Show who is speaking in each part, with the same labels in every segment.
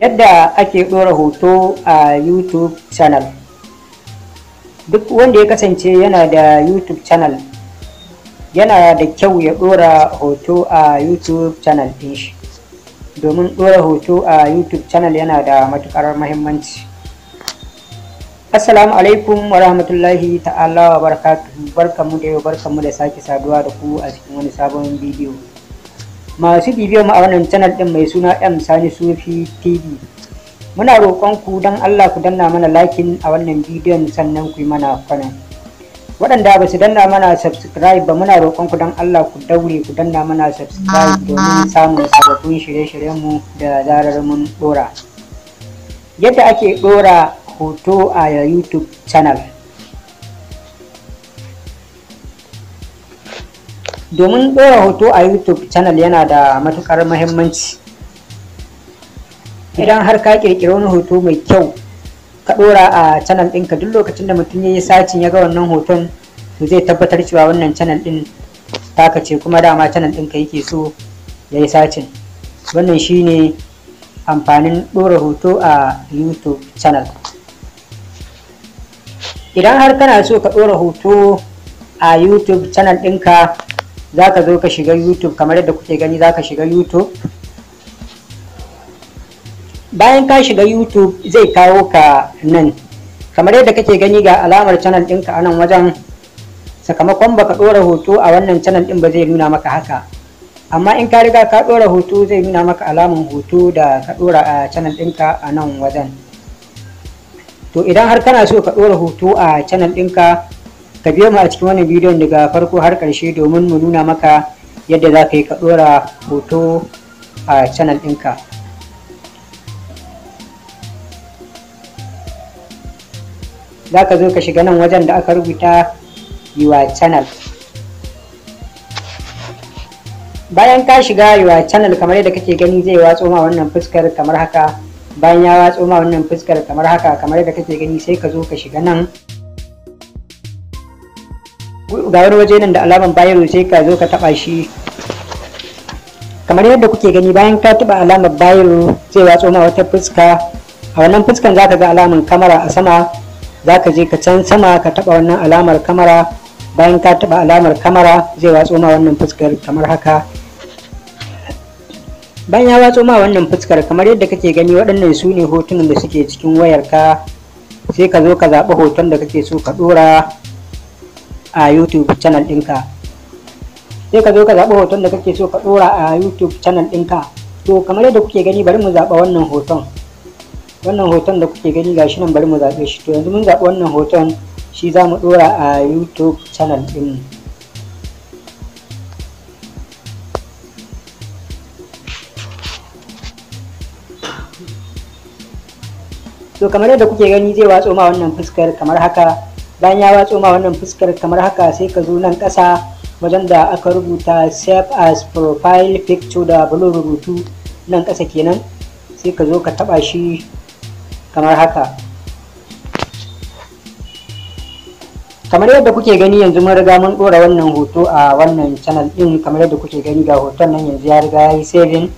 Speaker 1: yadda ake ɗora hoto a youtube channel duk wanda ya kasance yana da youtube channel yana da kyau ya ɗora hoto a youtube channel ɗin shi domin ɗora hoto a youtube channel yana da matuƙar mahimmanci assalamu alaikum wa rahmatullahi ta'ala wa barakatuhu barkamu da yau barkamu da sake saduwa da ku a cikin wani sabon bidiyo masu bibiyar mu a wannan channel din mai suna M Sani Sufi TV. Muna roƙon ku don Allah ku danna mana likin a wannan bidiyon sannan ku yi mana kwanan. Waɗanda ba su danna mana subscribe ba muna roƙon ku dan Allah ku daure ku danna mana subscribe domin samun sababbin shirye-shiryen mu da zarar mun ɗora. Yadda ake ɗora hoto a YouTube channel. domin ɗora hoto a youtube channel yana da matukar mahimmanci idan har ka ƙirƙiri wani hoto mai kyau ka ɗora a channel ɗinka duk lokacin da mutum ya yi sacin ya ga wannan hoton to zai tabbatar cewa wannan channel ɗin taka ce kuma dama channel ɗinka yake so ya yi sacin wannan shine amfanin ɗora hoto a youtube channel idan har kana so ka ɗora hoto a youtube channel ɗinka za ka zo ka shiga youtube kamar yadda kuke gani za ka shiga youtube bayan ka shiga youtube zai kawo ka nan kamar yadda kake gani ga alamar channel ɗinka anan nan wajen sakamakon baka ɗora hoto a wannan channel ɗin ba zai nuna maka haka amma in ka riga ka ɗora hoto zai nuna maka alaman hoto da ka ɗora a channel ɗinka a nan wajen to idan har kana so ka ɗora hoto a channel ɗinka ka biyo mu a cikin wannan bidiyon daga farko har karshe domin mu nuna maka yadda za ka yi ka ɗora hoto a channel ɗinka za ka zo ka shiga nan wajen da aka rubuta yiwa channel bayan ka shiga yiwa channel kamar yadda kake gani zai watso ma wannan fuskar kamar haka bayan ya watso ma wannan fuskar kamar haka kamar yadda kake gani sai ka zo ka shiga nan ga wani waje nan da alaman bayero sai ka zo ka taba shi kamar yadda kuke gani bayan ka taba alamar bayero zai watso ma wata fuska a wannan fuskan zaka ga alamar kamera a sama zaka je ka can sama ka taba wannan alamar kamera bayan ka taba alamar kamera zai watso ma wannan fuskar kamar haka bayan ya watso ma wannan fuskar kamar yadda kake gani waɗannan su ne hotunan da suke cikin wayarka sai ka zo ka zaɓi hoton da kake so ka ɗora a youtube channel ɗinka sai ka zo ka zaɓi hoton da kake so ka ɗora a youtube channel ɗinka to kamar yadda kuke gani bari mu zaɓa wannan hoton wannan hoton da kuke gani shi nan bari mu zaɓe shi to yanzu mun zaɓi wannan hoton shi za mu ɗora a youtube channel ɗin to kamar yadda kuke gani zai watso ma wannan fuskar kamar haka bayan ya watso ma wannan fuskar kamar haka sai ka zo nan kasa wajen da aka rubuta save as profile picture da blue rubutu nan ƙasa kenan sai ka zo ka taɓa shi kamar haka kamar yadda kuke gani yanzu mun riga mun ɗora wannan hoto a wannan channel din kamar yadda kuke gani ga hoton nan yanzu ya riga ya yi saving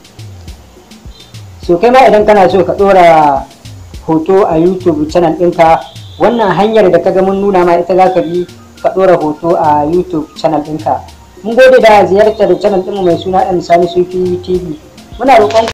Speaker 1: so kai ma idan kana so ka ɗora hoto a youtube channel ka. wannan hanyar da ka ga mun nuna ma ita za ka bi ka ɗora hoto a youtube channel ɗinka mun gode da ziyartar channel ɗinmu mai suna ɗan sami sufi tv muna roƙon